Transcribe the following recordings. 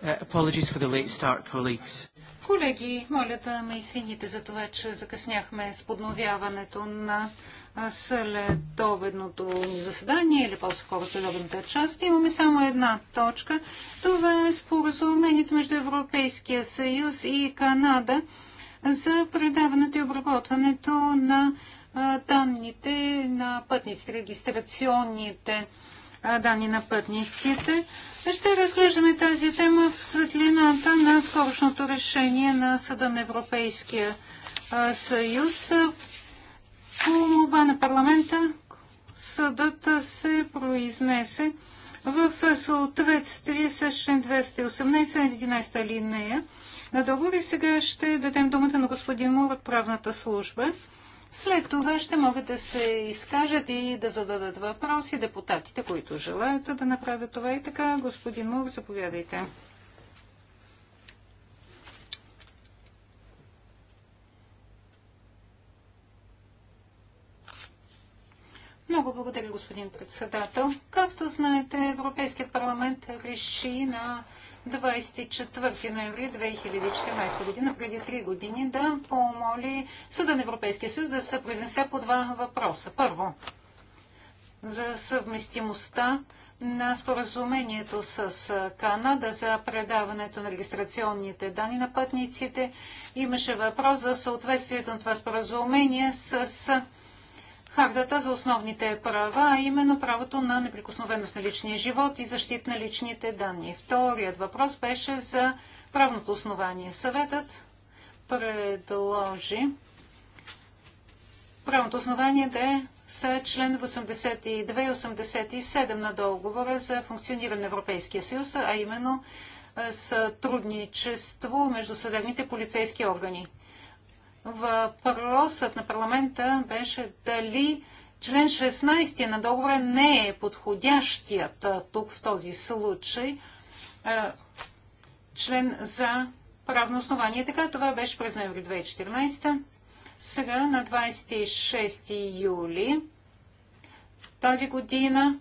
Uh, apologies for the late start, colleagues. Колеги, моля да ме извините за това, че закъсняхме с подновяването на следобедното ни заседание или по-скоро следобедната част. Имаме само една точка. Това е споразумението между Европейския съюз и Канада за предаването и обработването на данните на пътниците, регистрационните данни на пътниците. Ще разглеждаме тази тема в светлината на скорошното решение на Съда на Европейския съюз. По молба на парламента съдът се произнесе в съответствие с член 218 11 алинея на договор и сега ще дадем думата на господин Мур от правната служба. След това ще могат да се изкажат и да зададат въпроси депутатите, които желаят да направят това. И така, господин Мур, заповядайте. Много благодаря, господин председател. Както знаете, Европейският парламент реши на 24 ноември 2014 година, преди 3 години, да помоли Съда на Европейския съюз да се произнесе по два въпроса. Първо, за съвместимостта на споразумението с Канада за предаването на регистрационните данни на пътниците. Имаше въпрос за съответствието на това споразумение с хартата за основните права, а именно правото на неприкосновеност на личния живот и защита на личните данни. Вторият въпрос беше за правното основание. Съветът предложи правното основание да е са член 82 и 87 на договора за функциониране на Европейския съюз, а именно е, сътрудничество между съдебните полицейски органи. Въпросът на парламента беше дали член 16 на договора не е подходящият тук в този случай член за правно основание. Така това беше през ноември 2014. Сега на 26 юли тази година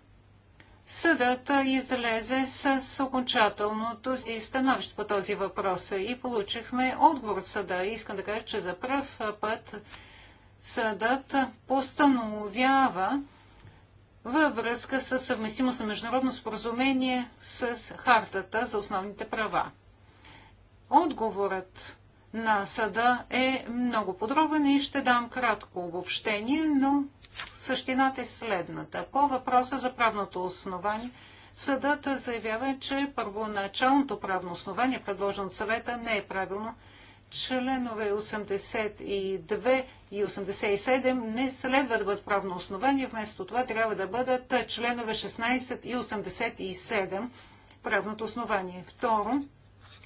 Съдът излезе с окончателното си становище по този въпрос и получихме отговор от съда. Искам да кажа, че за пръв път съдът постановява във връзка с съвместимост на международно споразумение с Хартата за основните права. Отговорът на съда е много подробен и ще дам кратко обобщение, но същината е следната. По въпроса за правното основание, съдът заявява, че първоначалното правно основание, предложено от съвета, не е правилно. Членове 82 и 87 не следва да бъдат правно основание, вместо това трябва да бъдат членове 16 и 87 правното основание. Второ,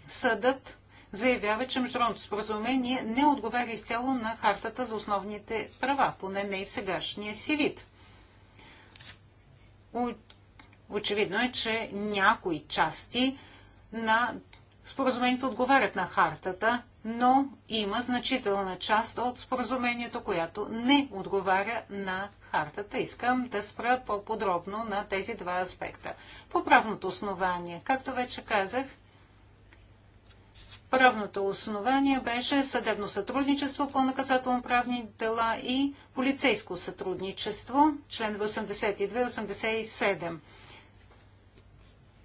съдът заявява, че международното споразумение не отговаря изцяло на хартата за основните права, поне не и в сегашния си вид. Очевидно е, че някои части на споразумението отговарят на хартата, но има значителна част от споразумението, която не отговаря на хартата. Искам да спра по-подробно на тези два аспекта. По правното основание, както вече казах, Правното основание беше съдебно сътрудничество по наказателно-правни дела и полицейско сътрудничество, член 82-87.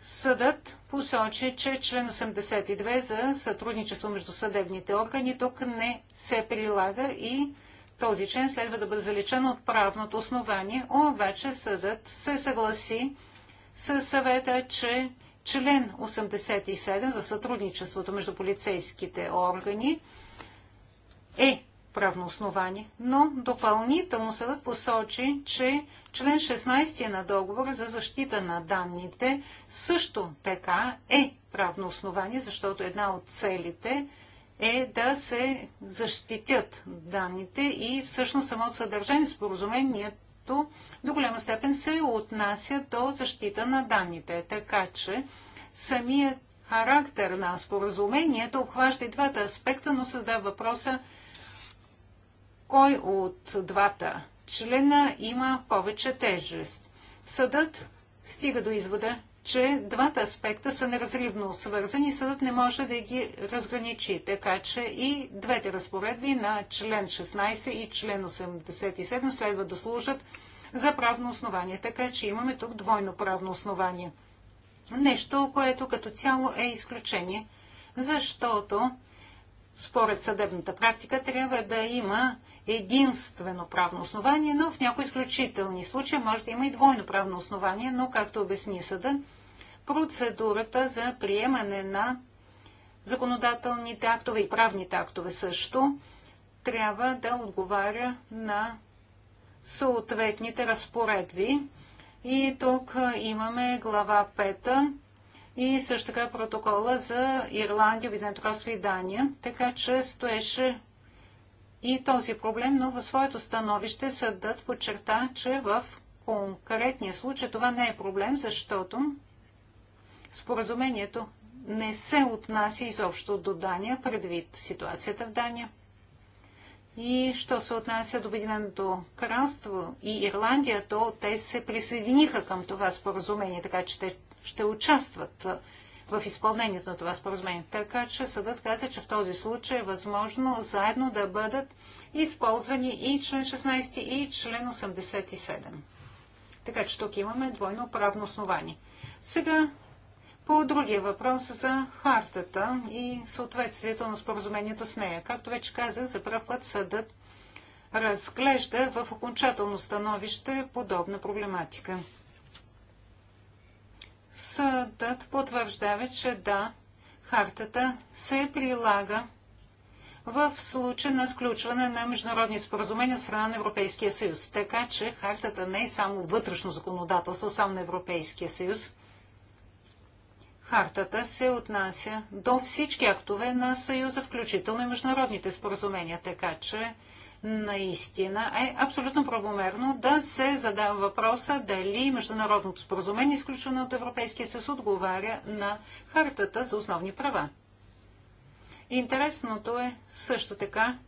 Съдът посочи, че член 82 за сътрудничество между съдебните органи тук не се прилага и този член следва да бъде заличен от правното основание, обаче съдът се съгласи с съвета, че член 87 за сътрудничеството между полицейските органи е правно основание, но допълнително съдът посочи, че член 16 на договора за защита на данните също така е правно основание, защото една от целите е да се защитят данните и всъщност самото съдържание споразумението които до голяма степен се отнася до защита на данните. Така че самият характер на споразумението обхваща и двата аспекта, но създава въпроса кой от двата члена има повече тежест. Съдът стига до извода, че двата аспекта са неразривно свързани и съдът не може да ги разграничи. Така че и двете разпоредби на член 16 и член 87 следва да служат за правно основание. Така че имаме тук двойно правно основание. Нещо, което като цяло е изключение, защото според съдебната практика трябва да има единствено правно основание, но в някои изключителни случаи може да има и двойно правно основание, но както обясни съда, процедурата за приемане на законодателните актове и правните актове също трябва да отговаря на съответните разпоредви. И тук имаме глава 5 и също така протокола за Ирландия, Обединеното кралство и Дания. Така че стоеше и този проблем, но в своето становище съдът подчерта, че в конкретния случай това не е проблем, защото Споразумението не се отнася изобщо до Дания, предвид ситуацията в Дания. И що се отнася до Обединеното кралство и Ирландия, то те се присъединиха към това споразумение, така че те ще участват в изпълнението на това споразумение. Така че съдът каза, че в този случай е възможно заедно да бъдат използвани и член 16 и член 87. Така че тук имаме двойно правно основание. Сега по другия въпрос за хартата и съответствието на споразумението с нея. Както вече казах, за първ път съдът разглежда в окончателно становище подобна проблематика. Съдът потвърждава, че да, хартата се прилага в случай на сключване на международни споразумения от страна на Европейския съюз. Така че хартата не е само вътрешно законодателство, само на Европейския съюз, Хартата се отнася до всички актове на Съюза, включително и международните споразумения, така че наистина е абсолютно правомерно да се задава въпроса дали международното споразумение, изключено от Европейския съюз, отговаря на Хартата за основни права. Интересното е също така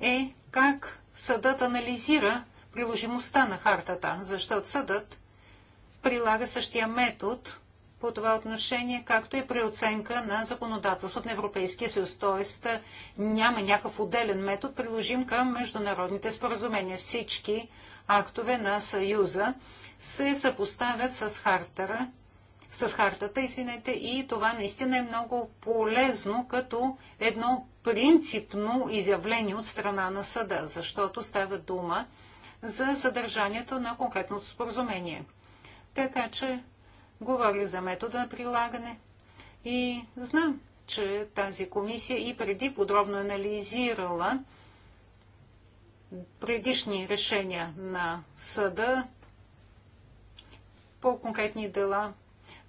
е как съдът анализира приложимостта на хартата, защото съдът прилага същия метод по това отношение, както и при оценка на законодателството на Европейския съюз. Тоест няма някакъв отделен метод, приложим към международните споразумения. Всички актове на Съюза се съпоставят с хартера, с хартата, извинете, и това наистина е много полезно като едно принципно изявление от страна на съда, защото става дума за съдържанието на конкретното споразумение. Така че говори за метода на прилагане и знам, че тази комисия и преди подробно анализирала предишни решения на съда по конкретни дела.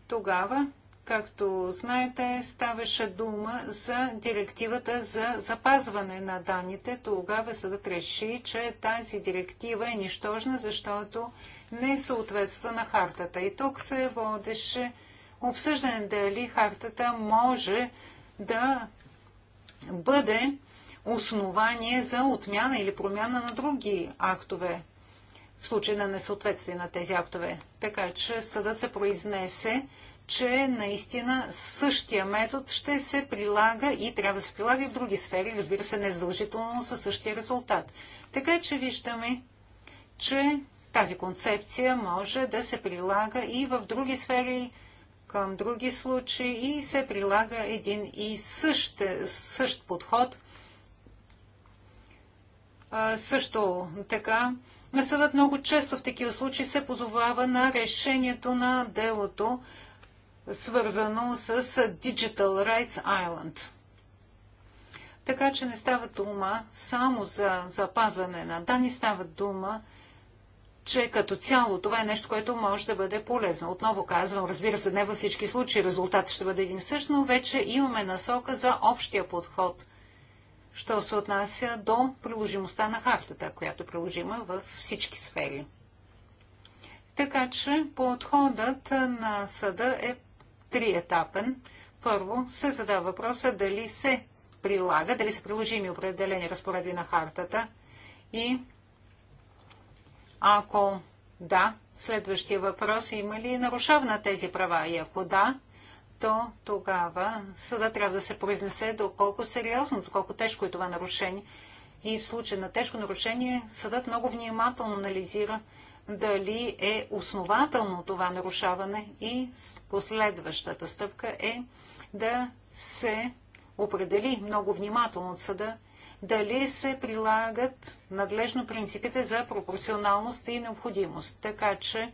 Тогава, както знаете, ставаше дума за директивата за запазване на данните. Тогава съдът реши, че тази директива е нищожна, защото не съответства на хартата. И тук се водеше обсъждане дали хартата може да бъде основание за отмяна или промяна на други актове в случай на несъответствие на тези актове. Така че съдът се произнесе, че наистина същия метод ще се прилага и трябва да се прилага и в други сфери, разбира се, незадължително със същия резултат. Така че виждаме, че тази концепция може да се прилага и в други сфери, към други случаи и се прилага един и същ, същ подход. А, също така, съдът много често в такива случаи се позовава на решението на делото, свързано с Digital Rights Island. Така че не става дума само за запазване на данни, става дума че като цяло това е нещо, което може да бъде полезно. Отново казвам, разбира се, не във всички случаи резултатът ще бъде един същ, но вече имаме насока за общия подход, що се отнася до приложимостта на хартата, която е приложима във всички сфери. Така че подходът на съда е триетапен. Първо се задава въпроса дали се прилага, дали са приложими определени разпоредби на хартата и ако да, следващия въпрос има ли нарушаване на тези права? И ако да, то тогава съда трябва да се произнесе доколко сериозно, доколко тежко е това нарушение. И в случай на тежко нарушение съдът много внимателно анализира дали е основателно това нарушаване и последващата стъпка е да се определи много внимателно от съда дали се прилагат надлежно принципите за пропорционалност и необходимост. Така че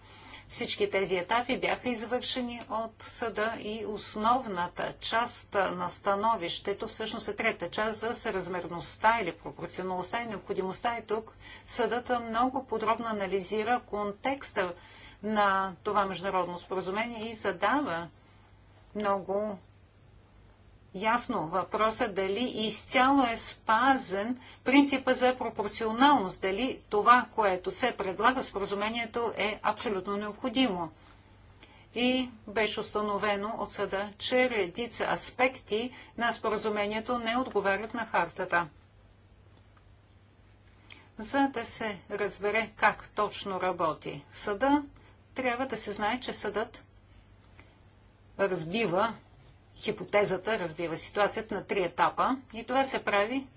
всички тези етапи бяха извършени от съда и основната част на становището, всъщност е трета част за съразмерността или пропорционалността и необходимостта. И тук съдът много подробно анализира контекста на това международно споразумение и задава много ясно въпроса дали изцяло е спазен принципа за пропорционалност, дали това, което се предлага с споразумението е абсолютно необходимо. И беше установено от съда, че редица аспекти на споразумението не отговарят на хартата. За да се разбере как точно работи съда, трябва да се знае, че съдът разбива хипотезата, разбира ситуацията на три етапа. И това се прави,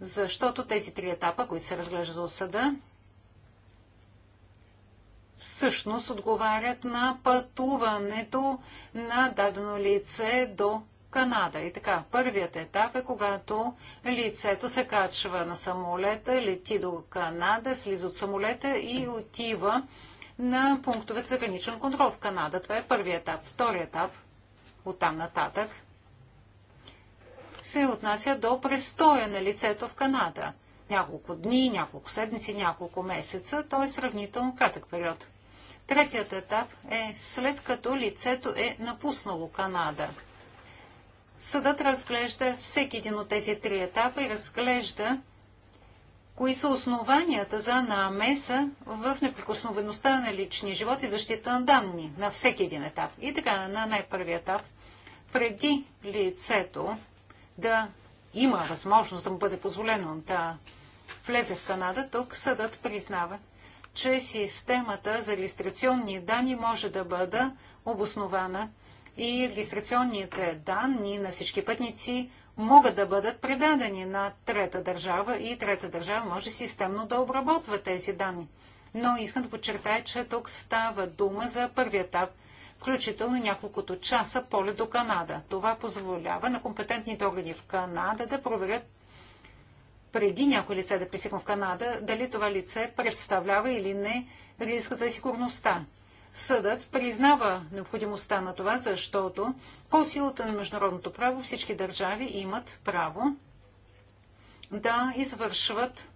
защото тези три етапа, които се разглежда за осъда, всъщност отговарят на пътуването на дадено лице до Канада. И така, първият етап е когато лицето се качва на самолета, лети до Канада, слиза от самолета и отива на пунктовете за граничен контрол в Канада. Това е първият етап. Вторият етап от там нататък се отнася до престоя на лицето в Канада. Няколко дни, няколко седмици, няколко месеца, то е сравнително кратък период. Третият етап е след като лицето е напуснало Канада. Съдът разглежда всеки един от тези три етапа и разглежда кои са основанията за намеса в неприкосновеността на личния живот и защита на данни на всеки един етап. И така, на най-първият етап, преди лицето да има възможност да му бъде позволено да влезе в Канада, тук съдът признава, че системата за регистрационни данни може да бъде обоснована и регистрационните данни на всички пътници могат да бъдат предадени на трета държава и трета държава може системно да обработва тези данни. Но искам да подчертая, че тук става дума за първи етап, включително няколкото часа поле до Канада. Това позволява на компетентните органи в Канада да проверят преди някой лице да пресекне в Канада, дали това лице представлява или не риска за сигурността. Съдът признава необходимостта на това, защото по силата на международното право всички държави имат право да извършват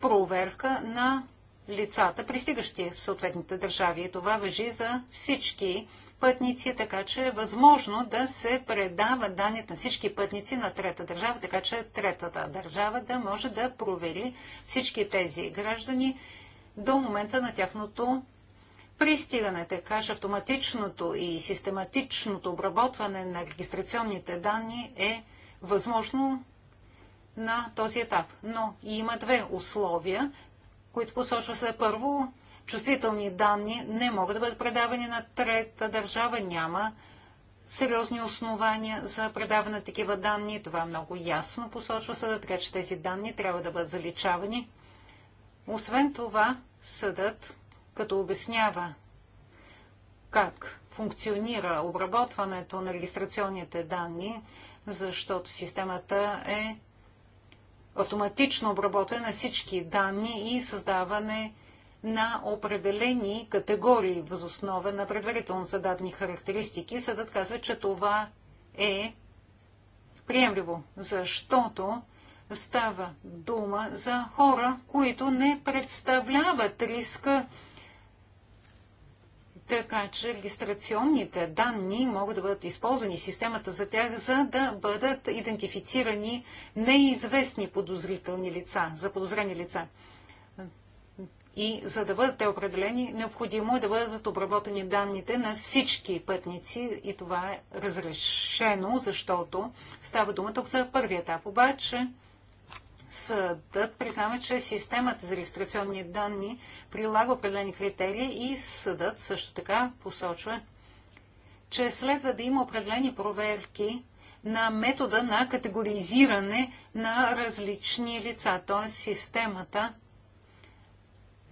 проверка на лицата, пристигащи в съответните държави. И това въжи за всички пътници, така че е възможно да се предават данните на всички пътници на трета държава, така че третата държава да може да провери всички тези граждани до момента на тяхното пристигане, така че автоматичното и систематичното обработване на регистрационните данни е възможно на този етап. Но има две условия, които посочва се първо, чувствителни данни не могат да бъдат предавани на трета държава, няма сериозни основания за предаване на такива данни. Това много ясно посочва съда, така че тези данни трябва да бъдат заличавани. Освен това, съдът като обяснява как функционира обработването на регистрационните данни, защото системата е автоматично обработване на всички данни и създаване на определени категории възоснова на предварително зададени характеристики. Съдът казва, че това е приемливо, защото става дума за хора, които не представляват риска така че регистрационните данни могат да бъдат използвани системата за тях, за да бъдат идентифицирани неизвестни подозрителни лица, заподозрени лица. И за да бъдат те определени, необходимо е да бъдат обработени данните на всички пътници и това е разрешено, защото става дума тук за първи етап. Обаче съдът признава, че системата за регистрационни данни прилага определени критерии и съдът също така посочва, че следва да има определени проверки на метода на категоризиране на различни лица, т.е. системата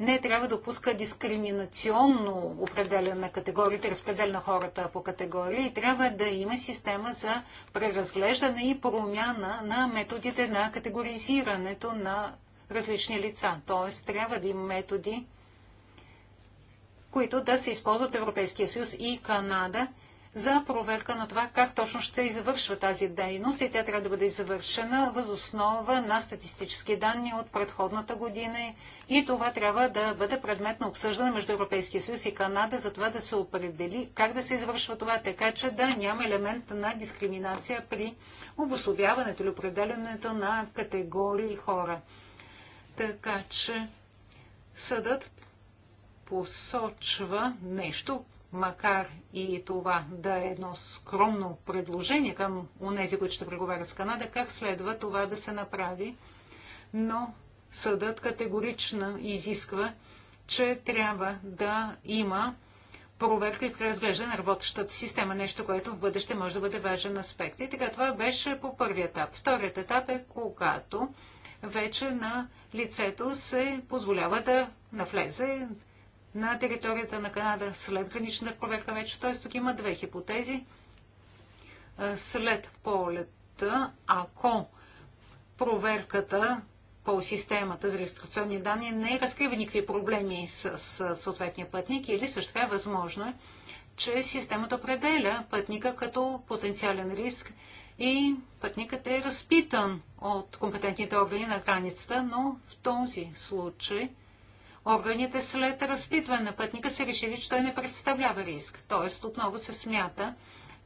не трябва да допуска дискриминационно определена на категориите, на хората по категории и трябва да има система за преразглеждане и промяна на методите на категоризирането на различни лица. Тоест, трябва да има методи, които да се използват Европейския съюз и Канада за проверка на това как точно ще се извършва тази дейност и тя трябва да бъде извършена въз основа на статистически данни от предходната година и това трябва да бъде предмет на обсъждане между Европейския съюз и Канада за това да се определи как да се извършва това, така че да няма елемент на дискриминация при обособяването или определенето на категории хора. Така че съдът посочва нещо, макар и това да е едно скромно предложение към унези, които ще преговарят с Канада, как следва това да се направи. Но съдът категорично изисква, че трябва да има проверка и преразглеждане на работещата система, нещо, което в бъдеще може да бъде важен аспект. И така, това беше по първи етап. Вторият етап е, когато вече на лицето се позволява да навлезе на територията на Канада след гранична проверка вече. Т.е. тук има две хипотези. След полета, ако проверката по системата за регистрационни данни не разкрива никакви проблеми с, с съответния пътник или също така е възможно, че системата определя пътника като потенциален риск и пътникът е разпитан от компетентните органи на границата, но в този случай органите след разпитване на пътника се решили, че той не представлява риск. Тоест отново се смята,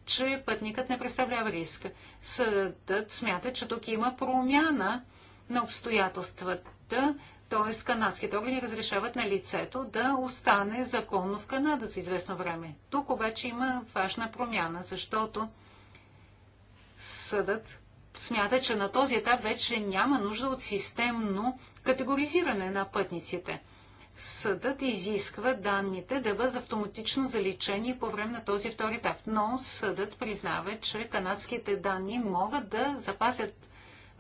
че пътникът не представлява риск. Съдът смята, че тук има промяна на обстоятелствата, т.е. канадските органи разрешават на лицето да остане законно в Канада за известно време. Тук обаче има важна промяна, защото съдът смята, че на този етап вече няма нужда от системно категоризиране на пътниците. Съдът изисква данните да бъдат автоматично заличени по време на този втори етап, но съдът признава, че канадските данни могат да запазят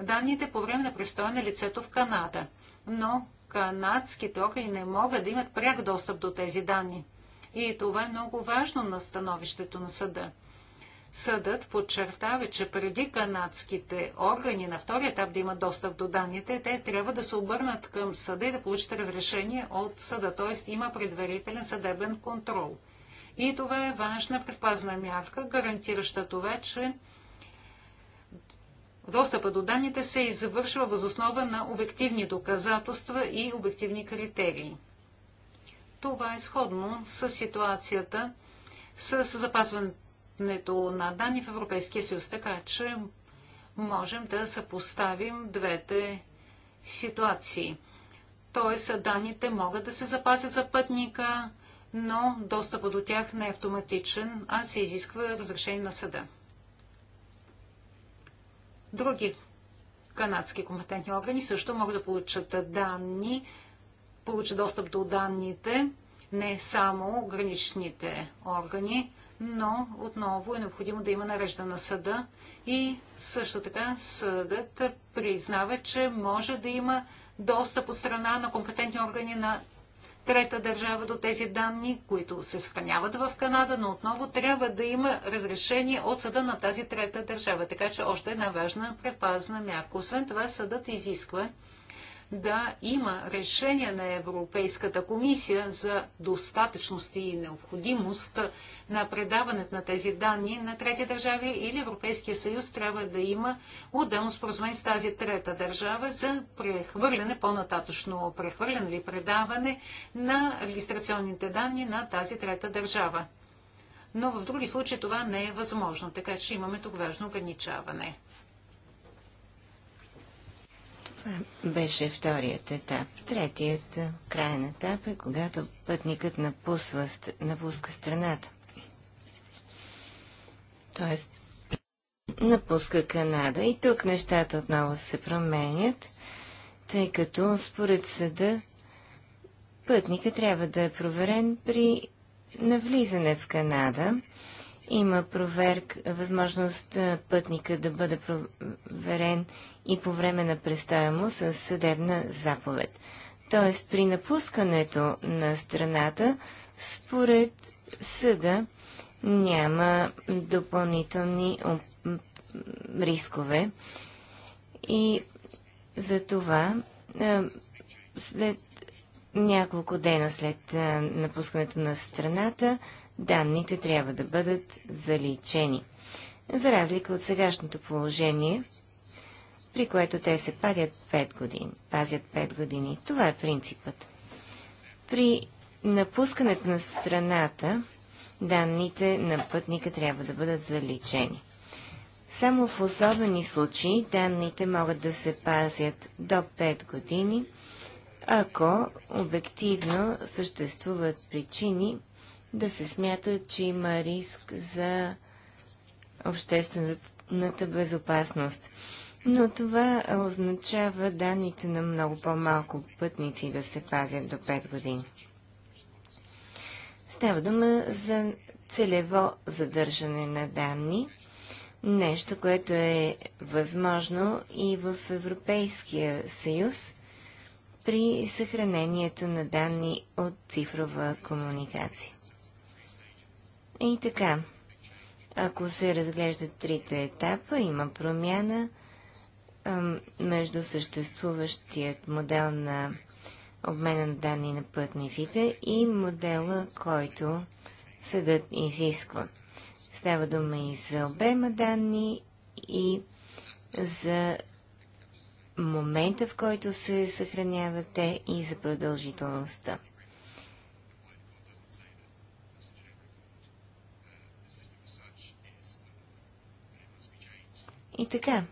данните по време на престоя на лицето в Канада, но канадските органи не могат да имат пряк достъп до тези данни. И това е много важно на становището на съда. Съдът подчертава, че преди канадските органи на втория етап да имат достъп до данните, те трябва да се обърнат към съда и да получат разрешение от съда, т.е. има предварителен съдебен контрол. И това е важна предпазна мярка, гарантираща това, че достъпа до данните се извършва възоснова на обективни доказателства и обективни критерии. Това е сходно с ситуацията с запазването на данни в Европейския съюз, така че можем да съпоставим двете ситуации. Тоест, данните могат да се запазят за пътника, но достъпът до тях не е автоматичен, а се изисква разрешение на съда. Други канадски компетентни органи също могат да получат данни, получат достъп до данните, не само граничните органи, но отново е необходимо да има нарежда на съда и също така съдът признава, че може да има достъп от страна на компетентни органи на трета държава до тези данни, които се съхраняват в Канада, но отново трябва да има разрешение от съда на тази трета държава. Така че още една важна препазна мярка. Освен това, съдът изисква да има решение на Европейската комисия за достатъчност и необходимост на предаването на тези данни на трети държави или Европейския съюз трябва да има отделно споразумение с тази трета държава за прехвърляне, по-нататъчно прехвърляне или предаване на регистрационните данни на тази трета държава. Но в други случаи това не е възможно, така че имаме тук важно ограничаване беше вторият етап. Третият е, крайен етап е когато пътникът напусва, напуска страната. Тоест, напуска Канада и тук нещата отново се променят, тъй като според съда пътника трябва да е проверен при навлизане в Канада има проверк, възможност пътника да бъде проверен и по време на престоя му с съдебна заповед. Тоест, при напускането на страната, според съда, няма допълнителни рискове. И за това след няколко дена след напускането на страната, данните трябва да бъдат заличени. За разлика от сегашното положение, при което те се пазят 5 години. Пазят 5 години. Това е принципът. При напускането на страната, данните на пътника трябва да бъдат заличени. Само в особени случаи данните могат да се пазят до 5 години, ако обективно съществуват причини да се смята, че има риск за обществената безопасност. Но това означава данните на много по-малко пътници да се пазят до 5 години. Става дума за целево задържане на данни, нещо, което е възможно и в Европейския съюз при съхранението на данни от цифрова комуникация. И така, ако се разглеждат трите етапа, има промяна между съществуващият модел на обмена на данни на пътниците и модела, който съдът изисква. Става дума и за обема данни и за момента, в който се съхраняват те и за продължителността. И така,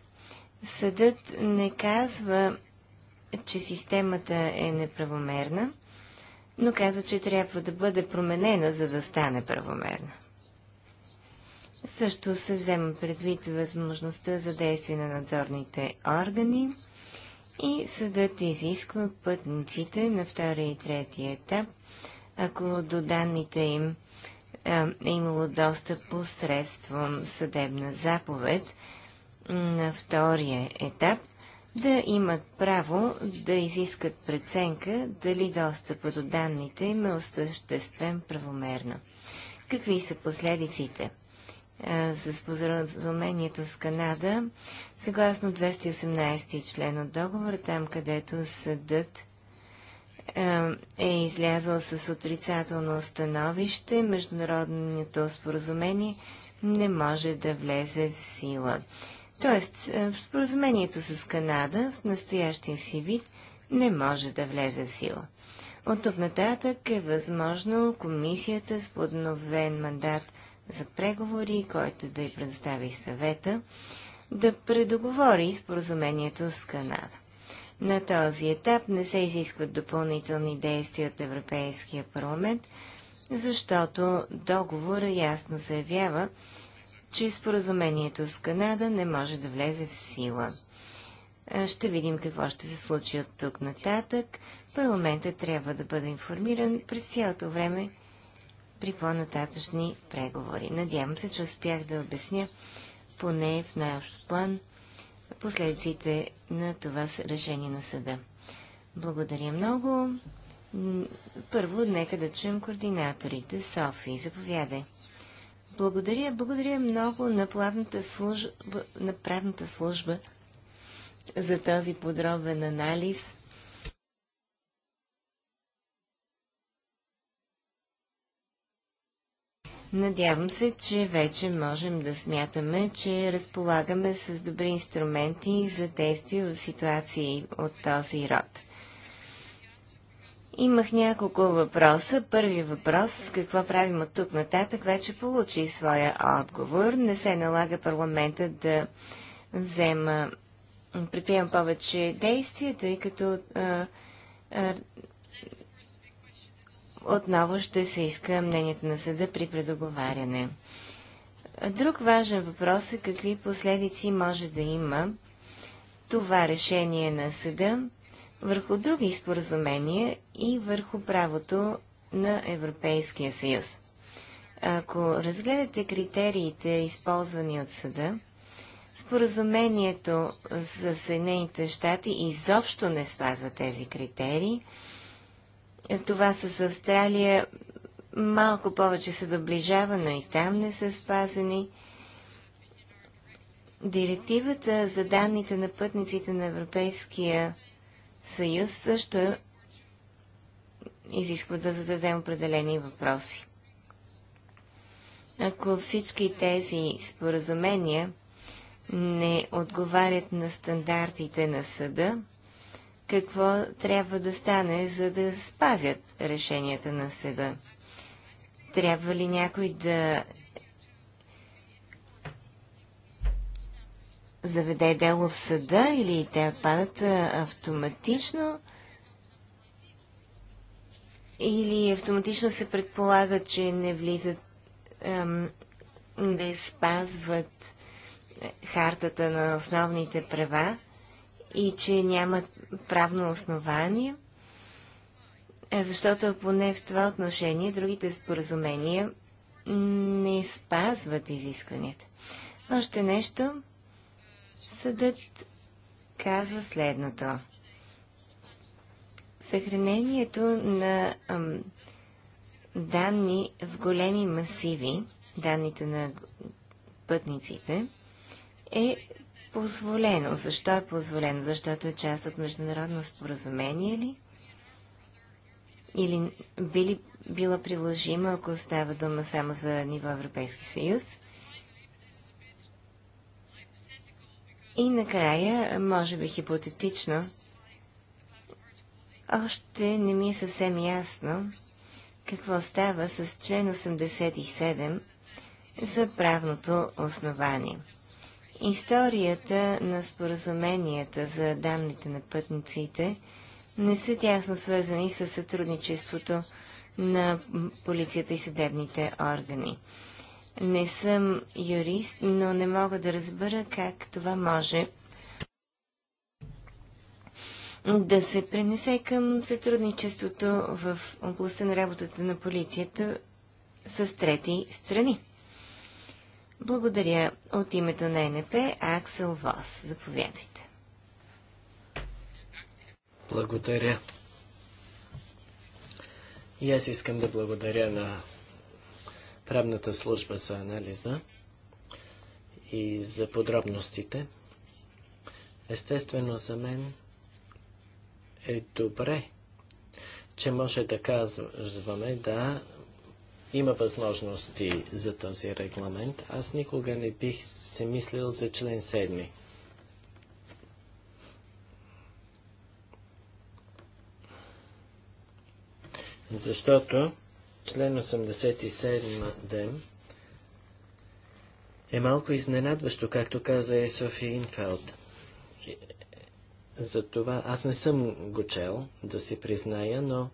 съдът не казва, че системата е неправомерна, но казва, че трябва да бъде променена, за да стане правомерна. Също се взема предвид възможността за действие на надзорните органи и съдът изисква пътниците на втория и третия етап, ако до данните им е имало достъп посредством съдебна заповед – на втория етап да имат право да изискат преценка дали достъпа до данните им е осъществен правомерно. Какви са последиците? С споразумението с Канада, съгласно 218 член от договора, там където съдът е излязъл с отрицателно становище, международното споразумение не може да влезе в сила. Тоест, е, споразумението с Канада в настоящия си вид не може да влезе в сила. От тук нататък е възможно комисията с подновен мандат за преговори, който да й предостави съвета, да предоговори споразумението с Канада. На този етап не се изискват допълнителни действия от Европейския парламент, защото договора ясно заявява, че споразумението с Канада не може да влезе в сила. Ще видим какво ще се случи от тук нататък. Парламентът трябва да бъде информиран през цялото време при по-нататъчни преговори. Надявам се, че успях да обясня поне в най-общ план последиците на това решение на съда. Благодаря много. Първо, нека да чуем координаторите. Софи, заповядай. Благодаря, благодаря много на правната служба, на правната служба за този подробен анализ. Надявам се, че вече можем да смятаме, че разполагаме с добри инструменти за действие в ситуации от този род. Имах няколко въпроса. Първи въпрос, какво правим от тук нататък, вече получи своя отговор. Не се налага парламента да взема, предприема повече действия, тъй като отново ще се иска мнението на съда при предоговаряне. Друг важен въпрос е какви последици може да има това решение на съда върху други споразумения и върху правото на Европейския съюз. Ако разгледате критериите, използвани от съда, споразумението за Съединените щати изобщо не спазва тези критерии. Това с Австралия малко повече се доближава, но и там не са спазени. Директивата за данните на пътниците на Европейския съюз също изисква да зададем определени въпроси. Ако всички тези споразумения не отговарят на стандартите на съда, какво трябва да стане, за да спазят решенията на съда? Трябва ли някой да заведе дело в съда или те падат автоматично? Или автоматично се предполага, че не влизат, ам, не спазват е, хартата на основните права и че нямат правно основание? Защото поне в това отношение другите споразумения не спазват изискванията. Още нещо. Съдът казва следното. Съхранението на ам, данни в големи масиви, данните на пътниците, е позволено. Защо е позволено? Защото е част от международно споразумение ли? Или би ли била приложима, ако става дума само за ниво Европейски съюз? И накрая, може би хипотетично, още не ми е съвсем ясно какво става с член 87 за правното основание. Историята на споразуменията за данните на пътниците не са тясно свързани с сътрудничеството на полицията и съдебните органи. Не съм юрист, но не мога да разбера как това може да се пренесе към сътрудничеството в областта на работата на полицията с трети страни. Благодаря от името на НП Аксел Вос. Заповядайте. Благодаря. И аз искам да благодаря на правната служба за анализа и за подробностите. Естествено за мен е добре, че може да казваме да има възможности за този регламент. Аз никога не бих се мислил за член 7. Защото член 87 ден е малко изненадващо, както каза е Софи Инфелд. Затова аз не съм го чел, да си призная, но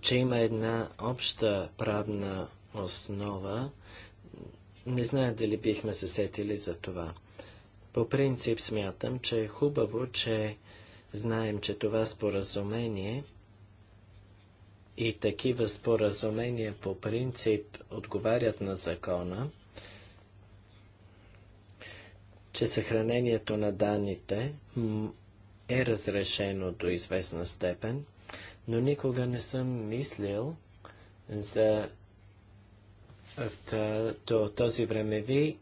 че има една обща правна основа, не зная дали бихме се сетили за това. По принцип смятам, че е хубаво, че знаем, че това споразумение и такива споразумения по принцип отговарят на закона, че съхранението на данните е разрешено до известна степен, но никога не съм мислил за този времеви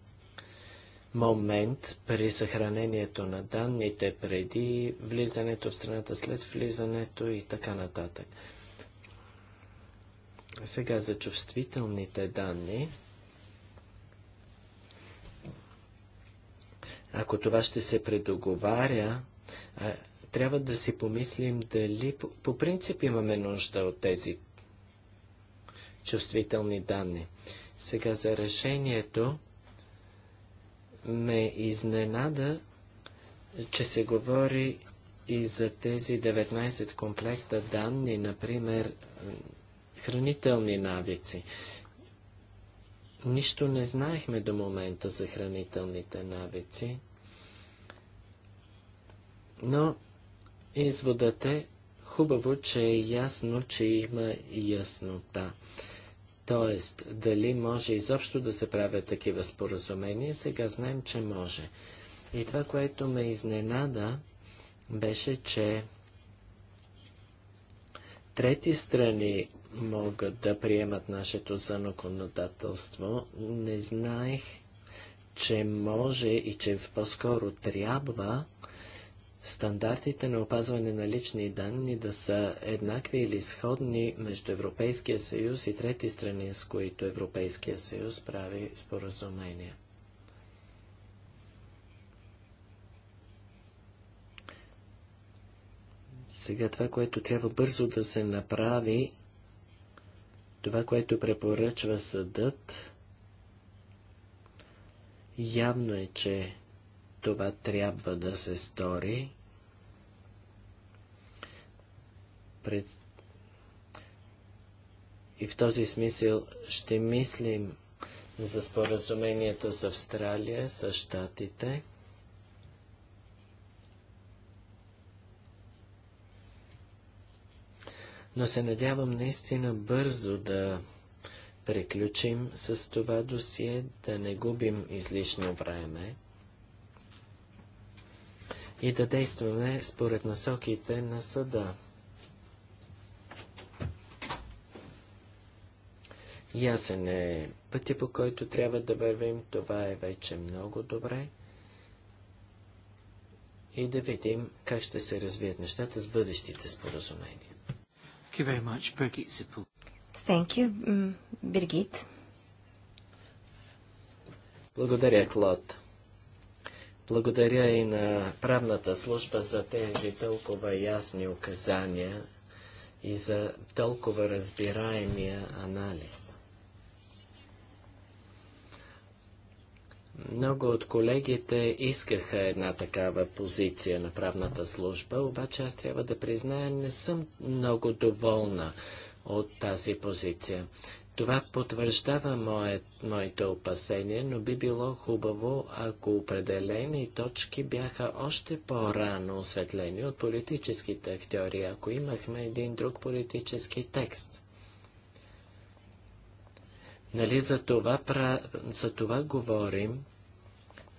момент при съхранението на данните преди влизането в страната, след влизането и така нататък. Сега за чувствителните данни. Ако това ще се предоговаря, трябва да си помислим дали по, принцип имаме нужда от тези чувствителни данни. Сега за решението ме изненада, че се говори и за тези 19 комплекта данни, например хранителни навици. Нищо не знаехме до момента за хранителните навици, но изводът е хубаво, че е ясно, че има яснота. Тоест, дали може изобщо да се правят такива споразумения, сега знаем, че може. И това, което ме изненада, беше, че трети страни могат да приемат нашето законодателство. Не знаех, че може и че по-скоро трябва стандартите на опазване на лични данни да са еднакви или сходни между Европейския съюз и трети страни, с които Европейския съюз прави споразумения. Сега това, което трябва бързо да се направи, това, което препоръчва съдът, явно е, че това трябва да се стори. Пред... И в този смисъл ще мислим за споразуменията с Австралия, с Штатите. но се надявам наистина бързо да приключим с това досие, да не губим излишно време и да действаме според насоките на съда. Ясен е пътя, по който трябва да вървим. Това е вече много добре. И да видим как ще се развият нещата с бъдещите споразумения. Thank you very much, Birgit Zippel. Thank you, mm, Birgit. Благодаря, Клод. Благодаря и на правната служба за тези толкова ясни указания и за толкова разбираемия анализ. Много от колегите искаха една такава позиция на правната служба, обаче аз трябва да призная, не съм много доволна от тази позиция. Това потвърждава мое, моите опасения, но би било хубаво, ако определени точки бяха още по-рано осветлени от политическите актьори, ако имахме един друг политически текст. Нали за това, за това говорим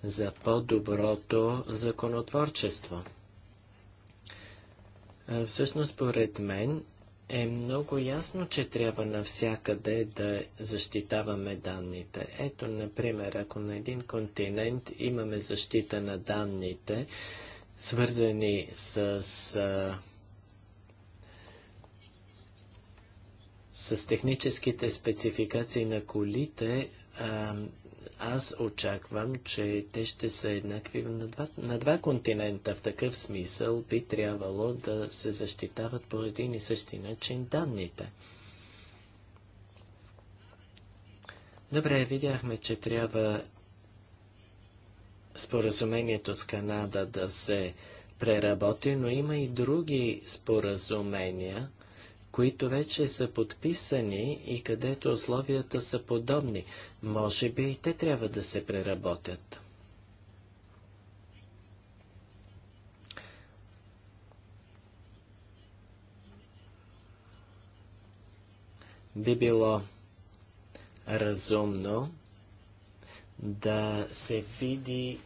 за по-доброто законотворчество. Всъщност, според мен, е много ясно, че трябва навсякъде да защитаваме данните. Ето, например, ако на един континент имаме защита на данните, свързани с, с, с техническите спецификации на колите, аз очаквам, че те ще са еднакви на два, на два континента. В такъв смисъл би трябвало да се защитават по един и същи начин данните. Добре, видяхме, че трябва споразумението с Канада да се преработи, но има и други споразумения, които вече са подписани и където условията са подобни. Може би и те трябва да се преработят. Би било разумно да се види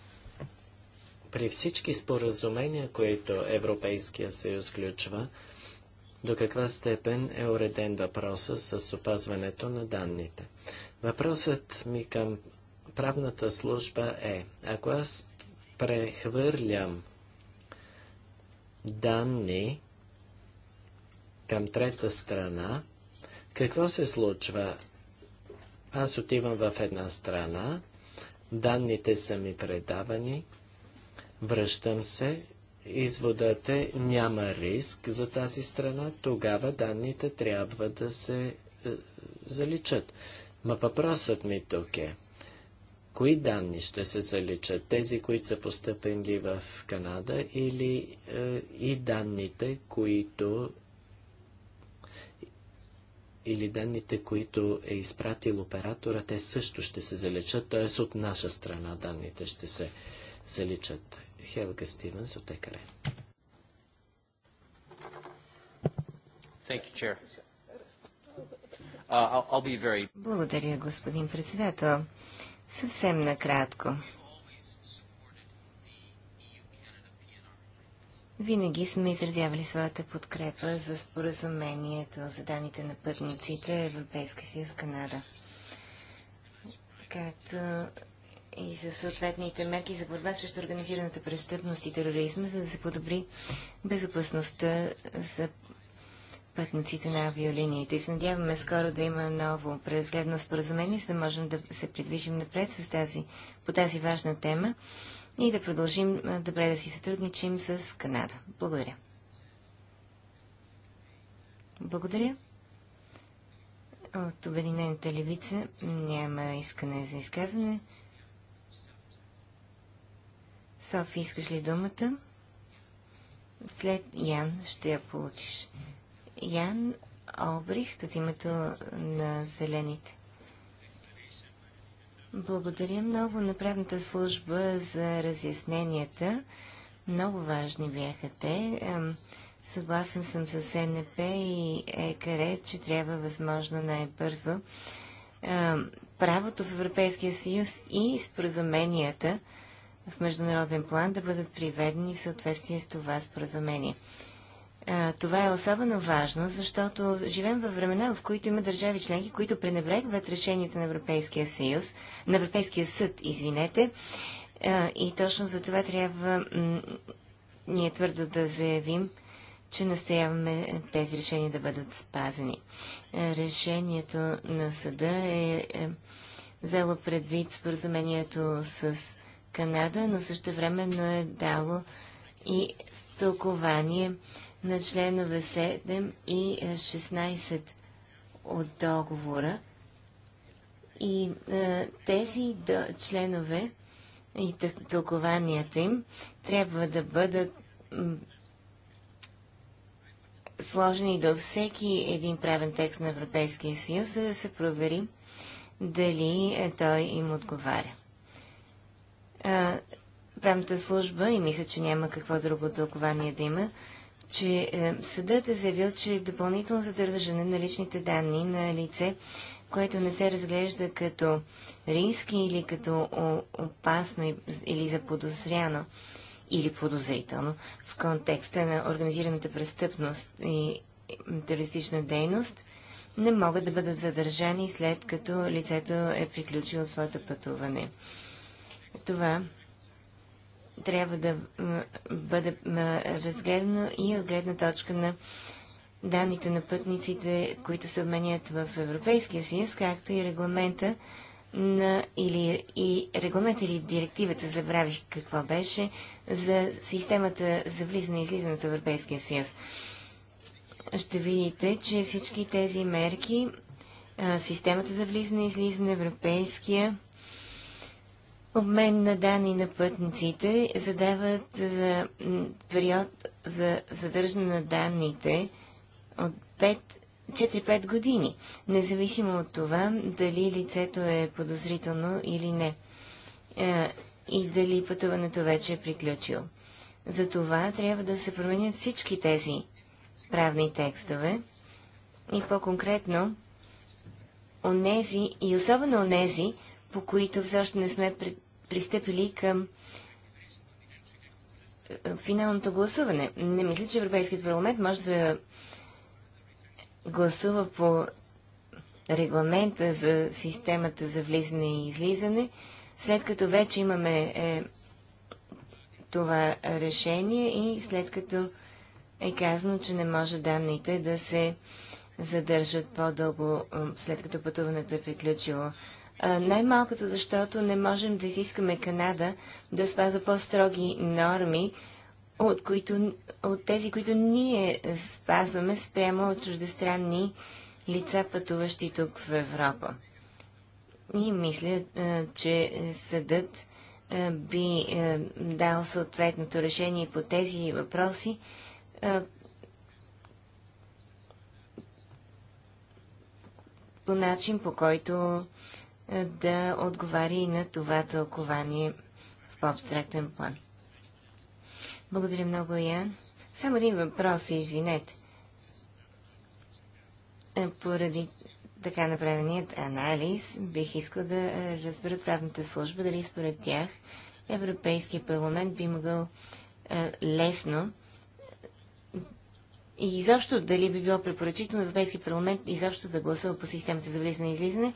при всички споразумения, които Европейския съюз включва, до каква степен е уреден въпроса с опазването на данните. Въпросът ми към правната служба е, ако аз прехвърлям данни към трета страна, какво се случва? Аз отивам в една страна, данните са ми предавани, връщам се изводът е няма риск за тази страна, тогава данните трябва да се е, заличат. Ма въпросът ми тук е, кои данни ще се заличат? Тези, които са постъпени в Канада или е, и данните, които или данните, които е изпратил оператора, те също ще се заличат, т.е. от наша страна данните ще се заличат. Хелга Стивенс от ЕКР. Uh, Благодаря, господин председател. Съвсем накратко. Винаги сме изразявали своята подкрепа за споразумението за данните на пътниците Европейска съюз Канада. Както и за съответните мерки за борба срещу организираната престъпност и тероризма, за да се подобри безопасността за пътниците на авиолиниите. И се надяваме скоро да има ново преразгледно споразумение, за да можем да се придвижим напред с тази, по тази важна тема и да продължим добре да си сътрудничим с Канада. Благодаря. Благодаря. От Обединената левица няма искане за изказване. Софи, искаш ли думата? След Ян ще я получиш. Ян Обрихт от името на Зелените. Благодаря много на правната служба за разясненията. Много важни бяха те. Съгласен съм с СНП и ЕКРЕ, че трябва възможно най-бързо правото в Европейския съюз и споразуменията в международен план да бъдат приведени в съответствие с това споразумение. това е особено важно, защото живеем във времена, в които има държави членки, които пренебрегват решенията на Европейския съюз, на Европейския съд, извинете, и точно за това трябва ние твърдо да заявим, че настояваме тези решения да бъдат спазени. Решението на съда е, е взело предвид споразумението с Канада, но също времено е дало и стълкование на членове 7 и 16 от договора. И е, тези до, членове и тълкованията им трябва да бъдат сложени до всеки един правен текст на Европейския съюз, за да се провери дали е, той им отговаря а, правната служба, и мисля, че няма какво друго тълкование да има, че е, съдът е заявил, че допълнително задържане на личните данни на лице, което не се разглежда като риски или като опасно или заподозряно или подозрително в контекста на организираната престъпност и терористична дейност, не могат да бъдат задържани след като лицето е приключило своето пътуване това трябва да бъде разгледано и от гледна точка на данните на пътниците, които се обменят в Европейския съюз, както и регламента на, или, и регламент или директивата, забравих какво беше, за системата за влизане и излизане от Европейския съюз. Ще видите, че всички тези мерки, системата за влизане и излизане, Европейския обмен на данни на пътниците задават за период за задържане на данните от 4-5 години, независимо от това дали лицето е подозрително или не е, и дали пътуването вече е приключило. За това трябва да се променят всички тези правни текстове и по-конкретно онези и особено онези, по които все още не сме пред, пристъпили към е, финалното гласуване. Не мисля, че Европейският парламент може да гласува по регламента за системата за влизане и излизане, след като вече имаме е, това решение и след като е казано, че не може данните да се задържат по-дълго, след като пътуването е приключило. Най-малкото, защото не можем да изискаме Канада да спазва по-строги норми, от, които, от тези, които ние спазваме спрямо от чуждестранни лица, пътуващи тук в Европа. И мисля, че съдът би дал съответното решение по тези въпроси. По начин, по който е, да отговаря и на това тълкование в по-абстрактен план. Благодаря много, Ян. Само един въпрос, извинете. Е, поради така направеният анализ, бих искал да разберат правната служба, дали според тях Европейския парламент би могъл е, лесно и изобщо дали би било препоръчително Европейския парламент изобщо да гласува по системата за влизане и излизане,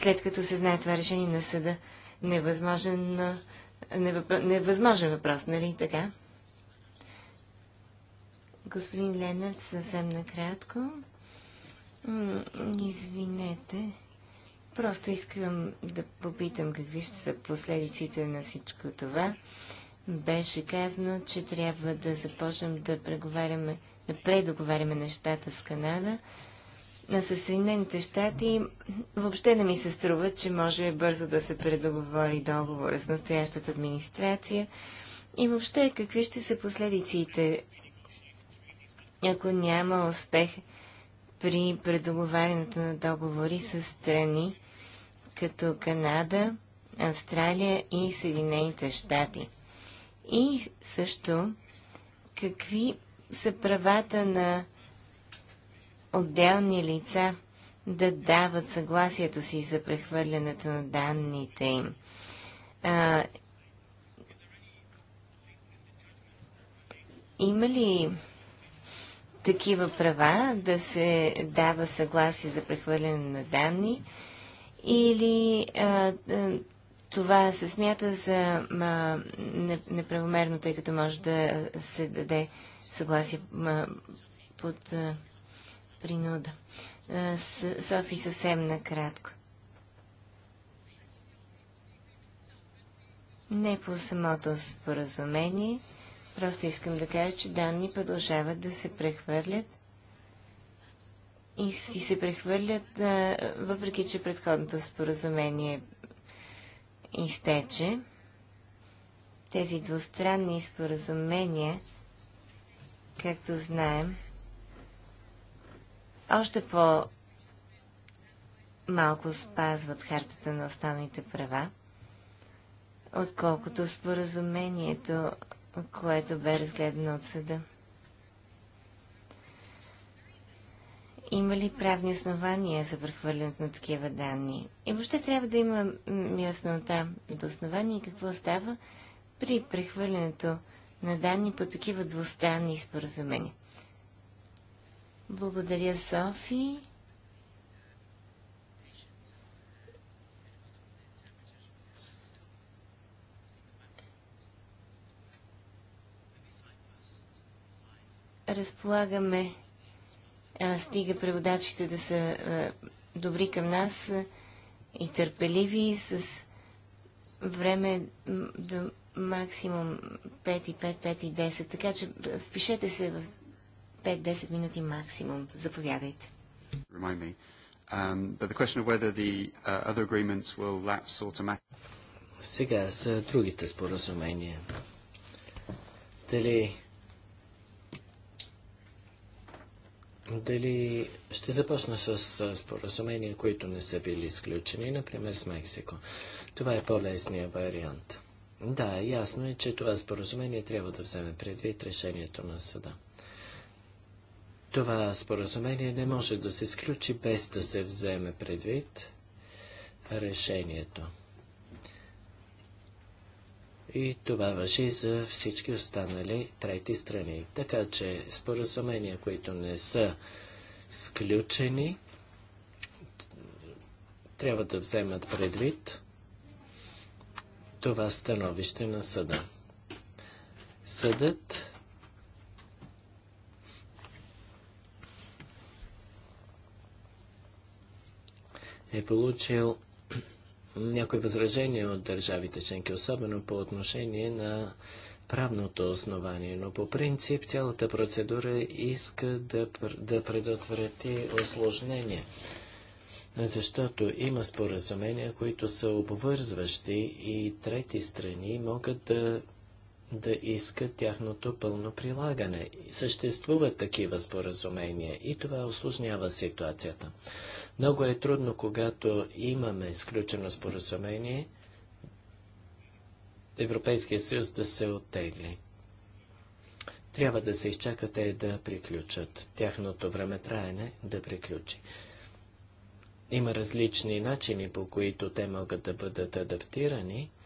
след като се знае това решение на съда. Невъзможен, невъп... невъзможен въпрос, нали така? Господин Ленард, съвсем накратко. Извинете. Просто искам да попитам какви ще са последиците на всичко това. Беше казано, че трябва да започнем да преговаряме, да предоговаряме нещата с Канада. На Съединените щати въобще не ми се струва, че може бързо да се предоговори договора с настоящата администрация и въобще какви ще са последиците, ако няма успех при предоговарянето на договори с страни като Канада, Австралия и Съединените щати. И също какви са правата на отделни лица да дават съгласието си за прехвърлянето на данните им. А, има ли такива права да се дава съгласие за прехвърляне на данни или а, това се смята за а, неправомерно, тъй като може да се даде съгласие а, под а, принуда. С Софи съвсем накратко. Не по самото споразумение, просто искам да кажа, че данни продължават да се прехвърлят и си се прехвърлят, въпреки че предходното споразумение изтече. Тези двустранни споразумения, както знаем, още по малко спазват хартата на основните права, отколкото споразумението, което бе разгледано от съда. Има ли правни основания за прехвърлянето на такива данни? И въобще трябва да има яснота до и какво става при прехвърлянето на данни по такива двустранни споразумения. Благодаря, Софи. разполагаме, стига преводачите да са добри към нас и търпеливи с време до максимум 5 и 5, 5 и 10. Така че впишете се в 5-10 минути максимум. Заповядайте. Um, uh, Сега са uh, другите споразумения. Дали дали ще започна с uh, споразумения, които не са били изключени, например с Мексико. Това е по-лесният вариант. Да, ясно е, че това споразумение трябва да вземе предвид решението на съда. Това споразумение не може да се сключи без да се вземе предвид решението. И това въжи за всички останали трети страни. Така че споразумения, които не са сключени, трябва да вземат предвид това становище на съда. Съдът е получил някои възражения от държавите членки, особено по отношение на правното основание, но по принцип цялата процедура иска да, да предотврати осложнение, защото има споразумения, които са обвързващи и трети страни могат да да искат тяхното пълно прилагане. Съществуват такива споразумения и това осложнява ситуацията. Много е трудно, когато имаме изключено споразумение, Европейския съюз да се оттегли. Трябва да се изчакате да приключат, тяхното време траене да приключи. Има различни начини, по които те могат да бъдат адаптирани –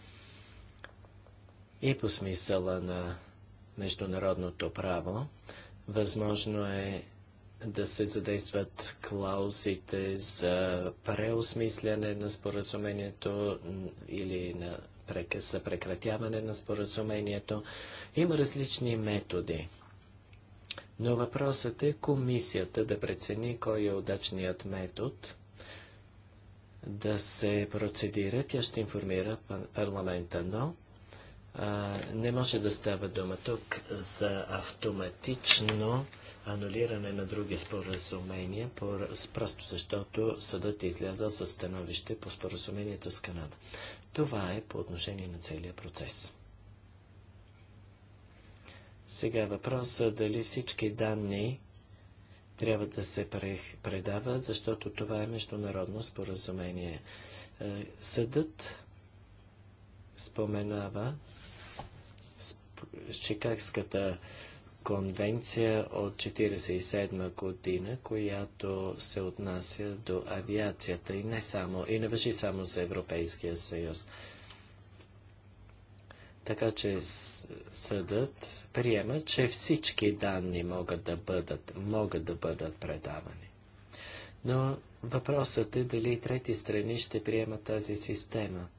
и по смисъла на международното право. Възможно е да се задействат клаузите за преосмисляне на споразумението или на за прекратяване на споразумението. Има различни методи. Но въпросът е комисията да прецени кой е удачният метод да се процедира. Тя ще информира парламента, но не може да става дума тук за автоматично анулиране на други споразумения, просто защото съдът е излязъл със становище по споразумението с Канада. Това е по отношение на целия процес. Сега въпросът е дали всички данни трябва да се предават, защото това е международно споразумение. Е, съдът споменава Чикагската конвенция от 1947 година, която се отнася до авиацията и не само, и не въжи само за Европейския съюз. Така че съдът приема, че всички данни могат да бъдат, могат да бъдат предавани. Но въпросът е дали трети страни ще приемат тази система –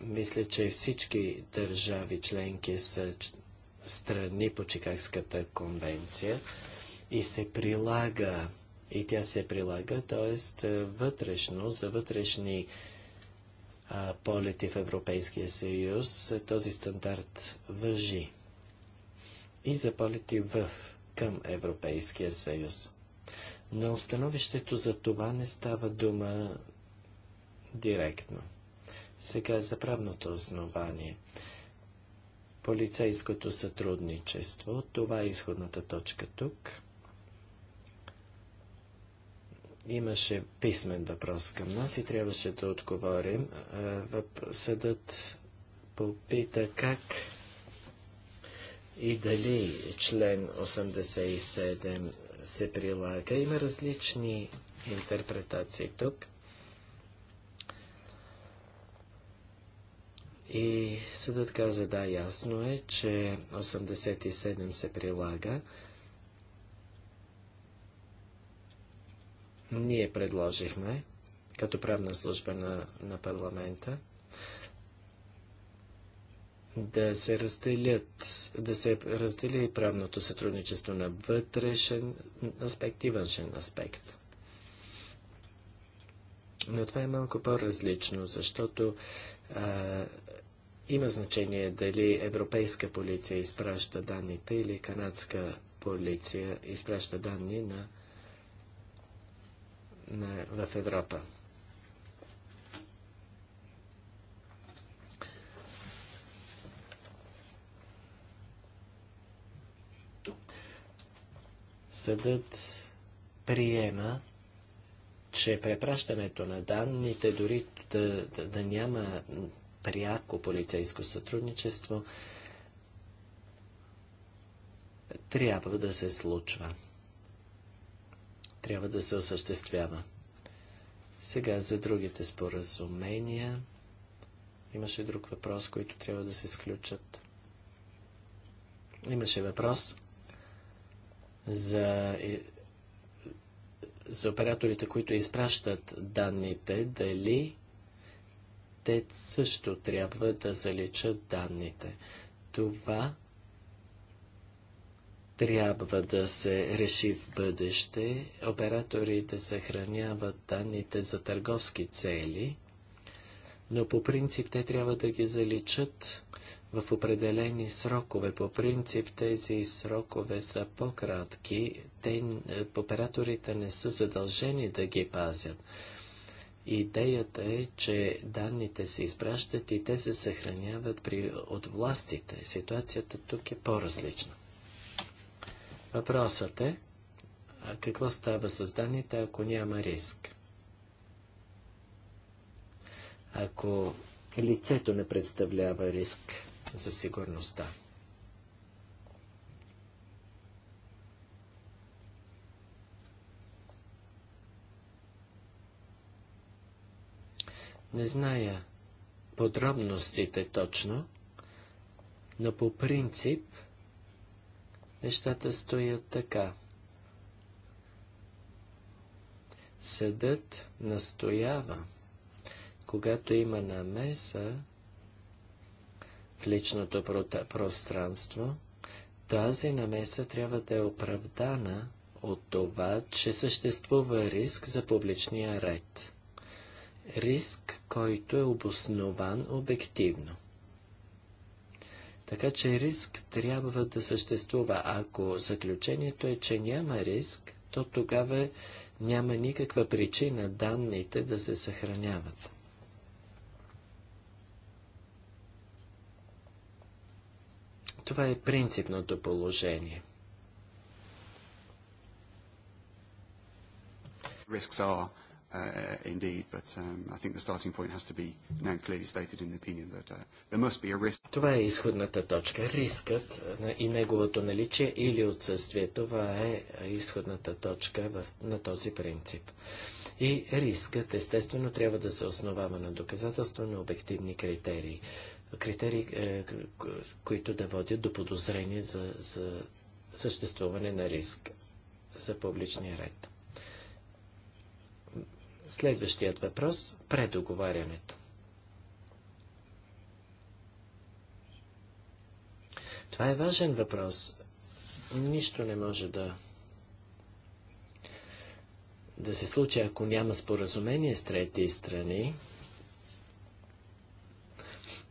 Мисля, че всички държави членки са страни по Чикагската конвенция и се прилага, и тя се прилага, т.е. вътрешно, за вътрешни а, полети в Европейския съюз, е, този стандарт въжи и за полети в към Европейския съюз. Но в становището за това не става дума директно. Сега за правното основание. Полицейското сътрудничество. Това е изходната точка тук. Имаше писмен въпрос към нас и трябваше да отговорим. Съдът попита как и дали член 87 се прилага. Има различни интерпретации тук. И съдът каза, да, ясно е, че 87 се прилага. Ние предложихме, като правна служба на, на парламента, да се разделят, да се раздели правното сътрудничество на вътрешен аспект и външен аспект. Но това е малко по-различно, защото а, има значение дали европейска полиция изпраща данните или канадска полиция изпраща данни на, на, в Европа. Съдът приема, че препращането на данните, дори да, да, да няма пряко полицейско сътрудничество трябва да се случва. Трябва да се осъществява. Сега за другите споразумения. Имаше друг въпрос, който трябва да се сключат. Имаше въпрос за, е, за операторите, които изпращат данните, дали те също трябва да заличат данните. Това трябва да се реши в бъдеще. Операторите съхраняват данните за търговски цели, но по принцип те трябва да ги заличат в определени срокове. По принцип тези срокове са по-кратки. Те, операторите не са задължени да ги пазят. Идеята е, че данните се изпращат и те се съхраняват при, от властите. Ситуацията тук е по-различна. Въпросът е, а какво става с данните, ако няма риск? Ако лицето не представлява риск за сигурността. Не зная подробностите точно, но по принцип нещата стоят така. Съдът настоява, когато има намеса в личното пространство, тази намеса трябва да е оправдана от това, че съществува риск за публичния ред риск, който е обоснован обективно. Така че риск трябва да съществува. Ако заключението е, че няма риск, то тогава няма никаква причина данните да се съхраняват. Това е принципното положение. Risks are Uh, uh, indeed, but um, I think the starting point has to be now clearly stated in the opinion that uh, there must be a risk. Това е изходната точка. Рискът и неговото наличие или отсъствие. Това е изходната точка в, на този принцип. И рискът, естествено, трябва да се основава на доказателства, на обективни критерии. Критерии, е, които да водят до подозрение за, за съществуване на риск за публичния ред. Следващият въпрос – предоговарянето. Това е важен въпрос. Нищо не може да да се случи, ако няма споразумение с трети страни.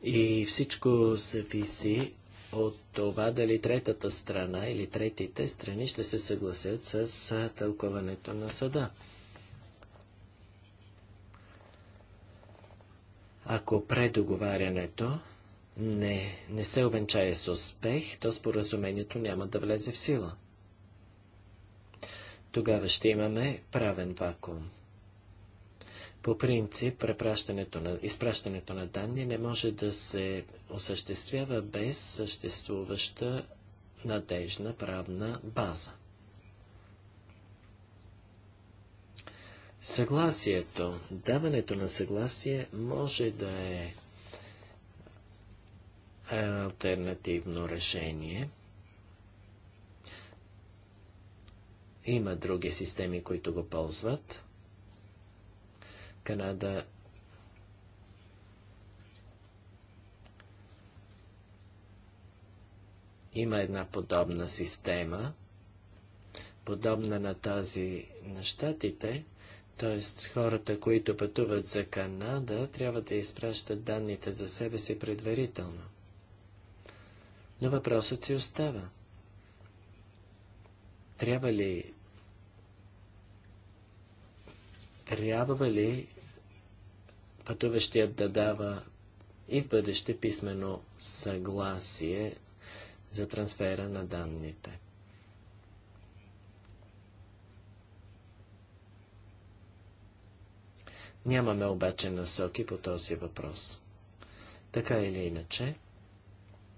И всичко зависи от това дали третата страна или третите страни ще се съгласят с тълкуването на съда. Ако предоговарянето не, не се увенчае с успех, то споразумението няма да влезе в сила. Тогава ще имаме правен вакуум. По принцип, препращането на, изпращането на данни не може да се осъществява без съществуваща надежна правна база. Съгласието, даването на съгласие може да е альтернативно решение. Има други системи, които го ползват. Канада има една подобна система, подобна на тази на щатите, т.е. хората, които пътуват за Канада, трябва да изпращат данните за себе си предварително. Но въпросът си остава. Трябва ли трябва ли пътуващият да дава и в бъдеще писмено съгласие за трансфера на данните? Нямаме обаче насоки по този въпрос. Така или иначе,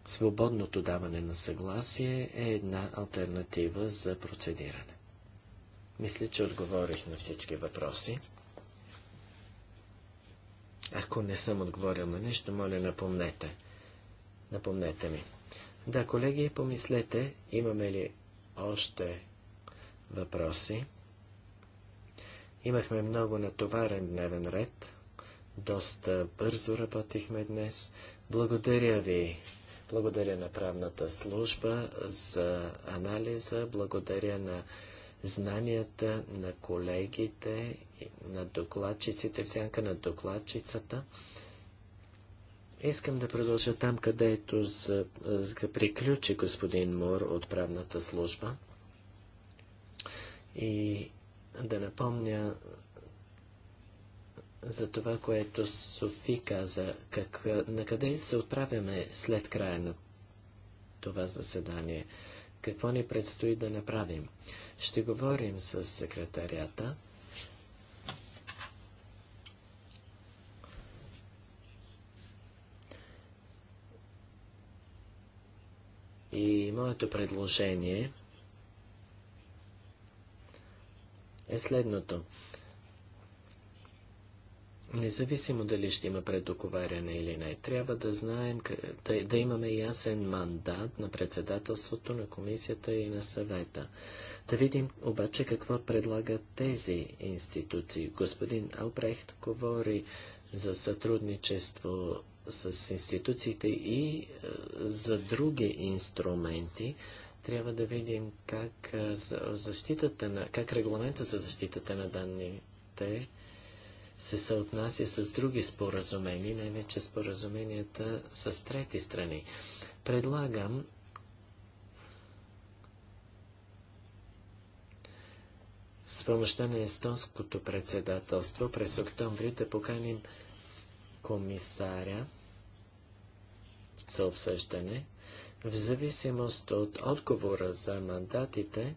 свободното даване на съгласие е една альтернатива за процедиране. Мисля, че отговорих на всички въпроси. Ако не съм отговорил на нещо, моля, напомнете. Напомнете ми. Да, колеги, помислете, имаме ли още въпроси? Имахме много натоварен дневен ред. Доста бързо работихме днес. Благодаря ви. Благодаря на правната служба за анализа. Благодаря на знанията на колегите, на докладчиците, в сянка на докладчицата. Искам да продължа там, където за, за приключи господин Мор от правната служба. И да напомня за това, което Софи каза, как, на къде се отправяме след края на това заседание, какво ни предстои да направим. Ще говорим с секретарията. И моето предложение – е следното. Независимо дали ще има предоговаряне или не, трябва да знаем, да, да имаме ясен мандат на председателството, на комисията и на съвета. Да видим обаче какво предлагат тези институции. Господин Албрехт говори за сътрудничество с институциите и е, за други инструменти, трябва да видим как, защитата на, как регламента за защитата на данните се съотнася с други споразумения, най-вече споразуменията с трети страни. Предлагам с помощта на естонското председателство през октомври да поканим комисаря за обсъждане в зависимост от отговора за мандатите,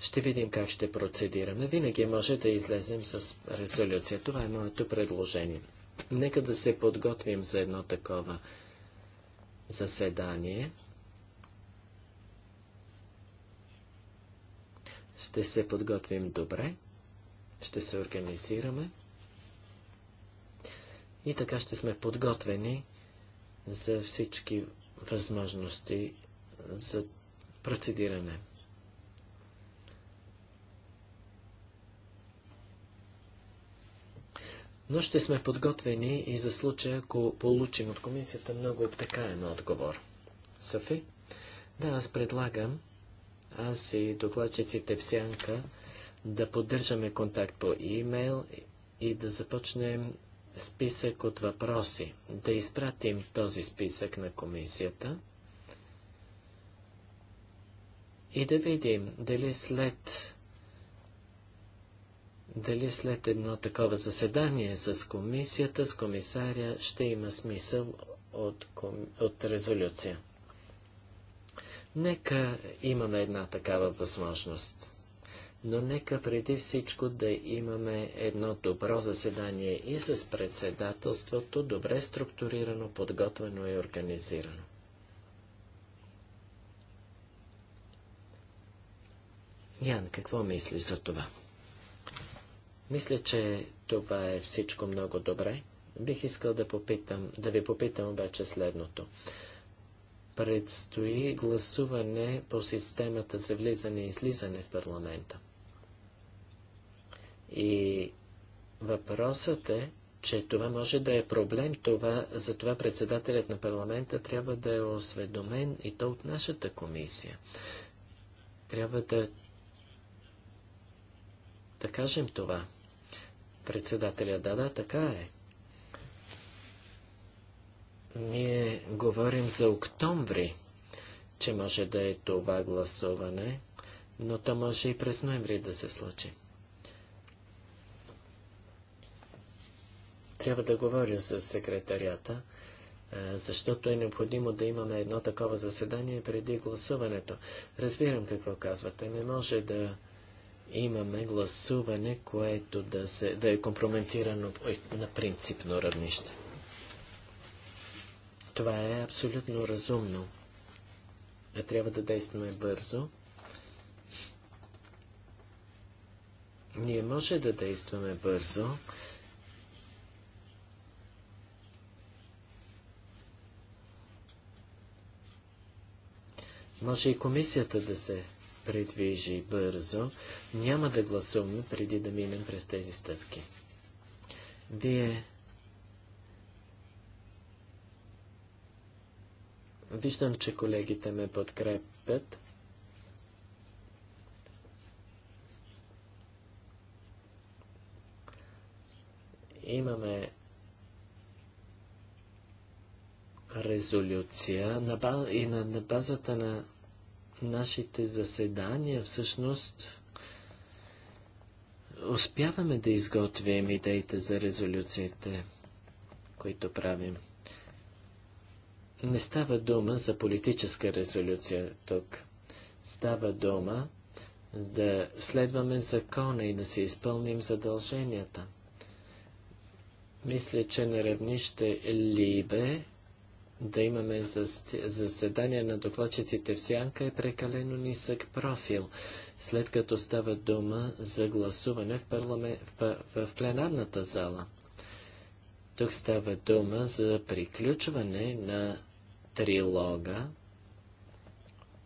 ще видим как ще процедираме. Винаги може да излезем с резолюция. Това е моето предложение. Нека да се подготвим за едно такова заседание. Ще се подготвим добре. Ще се организираме. И така ще сме подготвени за всички възможности за процедиране. Но ще сме подготвени и за случая, ако получим от комисията много обтекаем отговор. Софи? Да, аз предлагам, аз и докладчиците в Сянка, да поддържаме контакт по имейл и да започнем списък от въпроси. Да изпратим този списък на комисията и да видим дали след дали след едно такова заседание с комисията, с комисаря, ще има смисъл от, от резолюция. Нека имаме една такава възможност но нека преди всичко да имаме едно добро заседание и с председателството, добре структурирано, подготвено и организирано. Ян, какво мисли за това? Мисля, че това е всичко много добре. Бих искал да, попитам, да ви попитам обаче следното. Предстои гласуване по системата за влизане и излизане в парламента. И въпросът е, че това може да е проблем, това, затова председателят на парламента трябва да е осведомен и то от нашата комисия. Трябва да, да кажем това. Председателя, да, да, така е. Ние говорим за октомври, че може да е това гласуване, но то може и през ноември да се случи. Трябва да говоря с секретарията, защото е необходимо да имаме едно такова заседание преди гласуването. Разбирам какво казвате. Не може да имаме гласуване, което да, се, да е компрометирано на принципно равнище. Това е абсолютно разумно. Трябва да действаме бързо. Ние може да действаме бързо, Може и комисията да се придвижи бързо. Няма да гласуваме преди да минем през тези стъпки. Вие Виждам, че колегите ме подкрепят. Имаме резолюция на баз... и на, на базата на нашите заседания всъщност успяваме да изготвим идеите за резолюциите, които правим. Не става дума за политическа резолюция тук. Става дума да следваме закона и да се изпълним задълженията. Мисля, че на равнище Либе да имаме заседания на докладчиците в Сянка е прекалено нисък профил, след като става дума за гласуване в, парламе, в, в пленарната зала. Тук става дума за приключване на трилога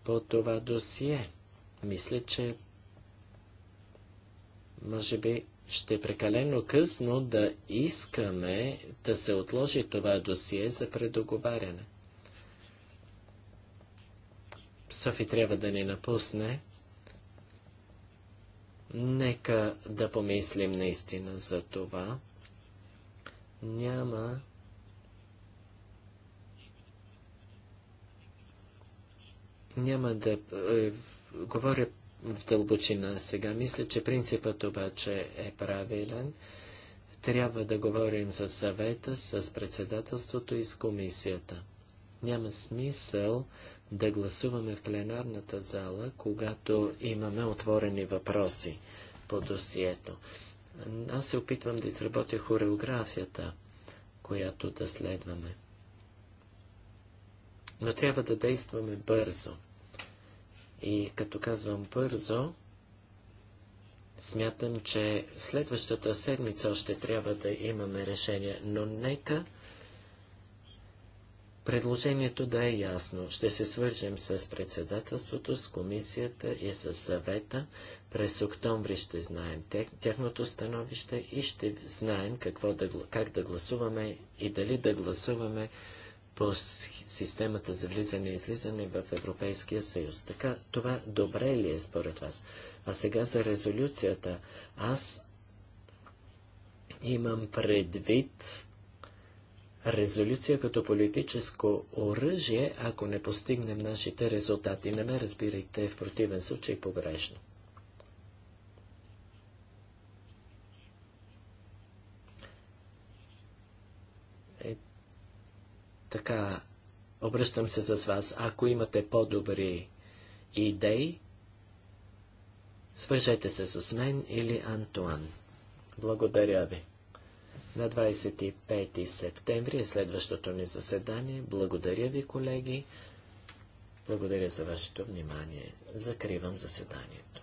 по това досие. Мисля, че може би ще е прекалено късно да искаме да се отложи това досие за предоговаряне. Софи трябва да ни напусне. Нека да помислим наистина за това. Няма няма да е, говоря в дълбочина сега. Мисля, че принципът обаче е правилен. Трябва да говорим с съвета, с председателството и с комисията. Няма смисъл да гласуваме в пленарната зала, когато имаме отворени въпроси по досието. Аз се опитвам да изработя хореографията, която да следваме. Но трябва да действаме бързо. И като казвам бързо, смятам, че следващата седмица още трябва да имаме решение, но нека предложението да е ясно. Ще се свържем с председателството, с комисията и с съвета. През октомври ще знаем тяхното становище и ще знаем какво да, как да гласуваме и дали да гласуваме по системата за влизане и излизане в Европейския съюз. Така, това добре ли е според вас? А сега за резолюцията. Аз имам предвид резолюция като политическо оръжие, ако не постигнем нашите резултати. Не ме разбирайте в противен случай погрешно. Така, обръщам се с вас. Ако имате по-добри идеи, свържете се с мен или Антуан. Благодаря ви. На 25 септември е следващото ни заседание. Благодаря ви, колеги. Благодаря за вашето внимание. Закривам заседанието.